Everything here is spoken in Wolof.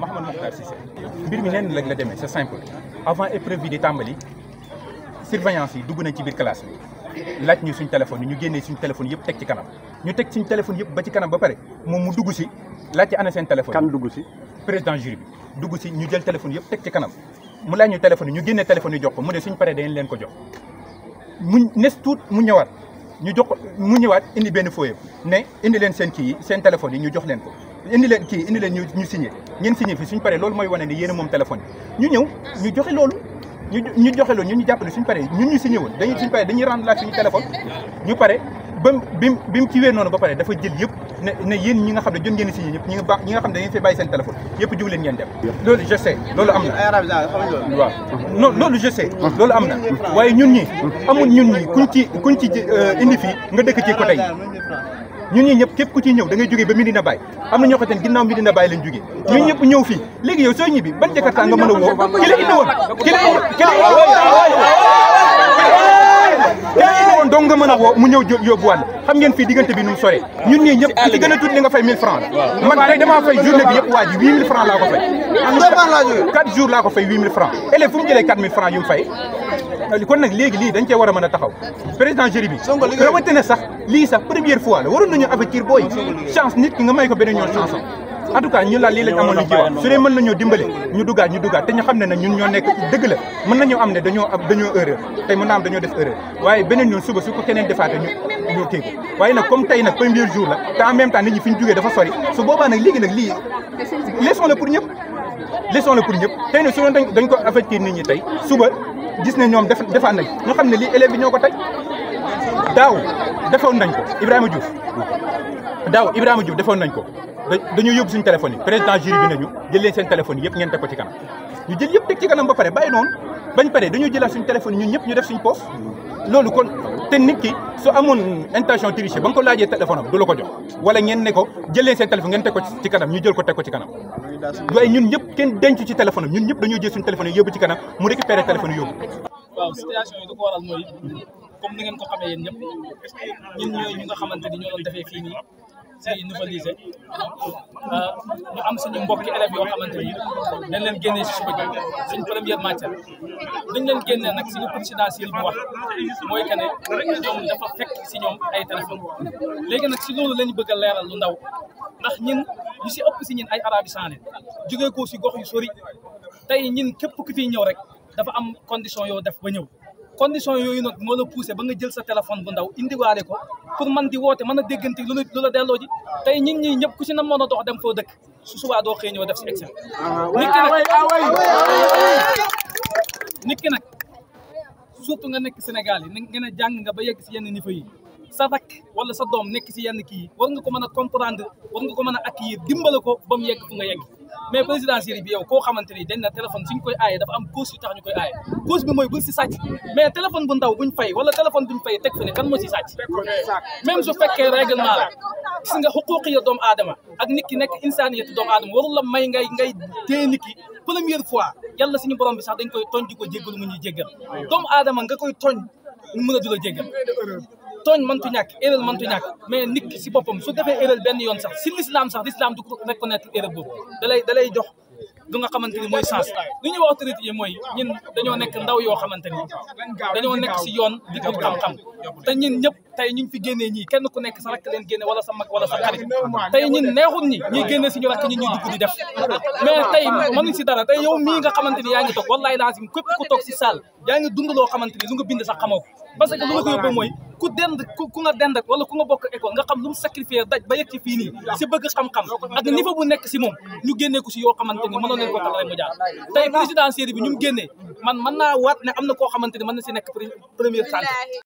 Mohamed Mokhtar Cissé Bir mi nenn lag la demee c'est simple avant épreuve bi di tambali surveillance yi dugg nañ ci bir classe bi laaj ñu suñ téléphone ñu génnee suñ téléphone yëpp tek ci kanam ñu teg suñ téléphone yëpp ba ci kanam ba paré moom mu dugg ci laaj ci ana sen téléphone kan dugg ci? président jury bi dugg ci ñu jël téléphone yëpp tek ci kanam mu laaj ñu téléphone ñu génnee téléphone yi jox ko mu ne suñ paré dañ leen ko jox mu nes tuut mu ñëwaat ñu jox mu ñëwaat indi benn fooye ne indi leen seen kii yi seen téléphone yi ñu jox leen ko indi len ki indi len ñu ñu signé ñen signé fi suñu paré lool moy wone ni yéen a moom téléphone ñu ñew ñu joxe lool ñu ñu joxe loolu ñu ñu jàpp ne suñ paree ñun ñu signé woon dañuy suñu paré dañuy rendre la suñu téléphone ñu paré bim bi bi mu kiiwee noonu ba paré dafa jël yépp ne ne yéen ñi nga xam ne jot ngeen signé ñëpp ñi nga baax ñi nga xam dañu fi fee sen téléphone yépp jóg leen ngeen dem loolu je sais loolu am na waaw non loolu je sais loolu amna waye ñun ñi amul ñun ñi kuñ ci kuñ ci euh, indi fi nga dëkk ci côté yi ñun ñii ñëpp képp ku ciy ñëw da ngay jógee ba Medina Baye am na ñoo xamante ne ginnaaw Medina Baye lañ jógee ñun ñëpp ñëw fii léegi yow soo ñibbi ban jakarta nga mën a woo ki la indi woon ki la woon dong nga mën a woo mu ñëw yóbbuwaat xam ngeen fii diggante bi nu mu soree ñun ñii ñëpp ku gën a tuuti li nga fay 1000 francs man tey damaa fay journée bi yëpp waa ji 8000 francs laa ko fay 4 jours laa ko fay 8000 francs élève fu mu jëlee 4000 francs yu mu fay kon nag léegi lii dañ cee war a mën a taxaw président jury bi rawante ne sax lii sax première fois la waroon nañu avertir booy chance nit ki nga may ko beneen yoon chance am en tout cas ñu lii lañ amoon luñ ci wax su dee mën nañoo dimbale ñu duggaat ñu duggaat te ñu xam ne nag ñun ñoo nekk dëgg la mën nañoo am ne dañoo am dañoo tey mën naa am dañoo def erreur waaye beneen yoon suba su ko keneen defaate ñu ñu kii ko waaye nag comme tey nag premier jour la te en nag gis ne ñoom def defaan nañ ñu xam ne lii élèves ñoo ko tey daaw defoon nañ ko Ibrahima Diouf daaw Ibrahima Diouf defoon nañ ko dañu yóbbu suñu téléphone yi président jury bi nañu jël seen téléphone yi yëpp ngeen teg ko ci kanam ñu jël yëpp teg ci kanam ba pare bàyyi noonu bañ pare dañu jëla suñ téléphone ñu ñun ñëpp ñu def suñ poos loolu kon te nit ki su amoon intention tricher ba ko laajee téléphone am du la ko jox wala ngeen ne ko jëlee seen téléphone ngeen teg ko ci kanam ñu jël ko teg ko ci kanam waaye ñun ñëpp kenn denc ci téléphone ñun ñëpp dañoo jël suñu téléphone yóbbu ci kanam mu récupéré téléphone yóbbu waaw situation yi du ko comme ni ngeen ko xamee yéen ñëpp ñun nga xamante ni ñoo doon defee fii si nouveau euh, lycée ñu am suñu mbokki élèves yoo xamante ni dañ leen génnee si suba gi suñ première matière dañ leen génnee nag suñu président si li mu wax mooy que ne ñoom dafa fekk si ñoom ay téléphone léegi nag si loolu lañu bëgg a leeral lu ndaw ndax ñin ñu si ëpp si ñin ay arabisants lañ jógee ko si gox yu sori tey ñin képp ku fi ñëw rek dafa am condition yoo def ba ñëw condition yooyu nag moo la poussé ba nga jël sa téléphone bu ndaw indiwaale ko pour man di woote mën a déggante lu la delloo ji tey ñun ñii ñëpp ku si na mën a dox dem foo dëkk su subaa doo xëy ñëw def si excel ah, nit ki nag ah, ah, nit ki nag surtout nga nekk Sénégal yi nga ne jàng nga ba yegg si yenn niveau yi sa rakk wala sa doom nekk si yenn kii yi war nga ko mën a comprendre war nga ko mën a accueillir dimbale ko ba mu yegg fu nga yegg mais présidentielle bi yow koo xamante ni dañ na téléphone suñ koy aaye dafa am cause yu tax ñu koy aaye cause bi mooy bu si sàcc mais téléphone bu ndaw buñ fay wala téléphone buñ fay teg fi kan moo si sàcc même su fekkee règlement la gis nga xuquuqi ya doomu aadama ak nit ki nekk insaniyatu doomu aadama warul may ngay ngay dee nit ki première fois yàlla suñu borom bi sax dañ koy tooñ di ko jéggal mu ñuy jéggal doomu aadama nga koy tooñ mu mën a tooñ mëntu ñàkk erreur mëntu ñàkk mais nit ki si boppam su defee erreur benn yoon sax si l'islam sax l'islam du ko reconnaître erreur boobu dalay jox du nga xamante mooy sens li ñuy wax autorité nekk ndaw yoo xamante ni dañoo nekk si yoon di dul ñëpp tey ñu ngi fi génnee ñii kenn ku nekk sa rakk leen génne wala sa mag wala sa xarit tey ñun neexul ñi ñuy génnee si ñu ñi ñuy dugg di def mais tey mënuñ si dara tey yow mii nga xamante ni yaa ngi toog wallaay lazim képp ku toog si salle yaa ngi dund loo xamante ni lu nga bind sax xamoo ko parce que lu mooy ku dend ku nga dend wala ku nga bokk école nga xam lu mu sacrifier daj ba yegg ci fii si bëgg xam-xam ak niveau bu nekk si moom ñu génne ko si yoo xamante ni mënoon leen ko taxalee mu jaar tey présidentielle bi ñu mu génnee man naa waat ne am na koo xamante ni mën na si nekk première santé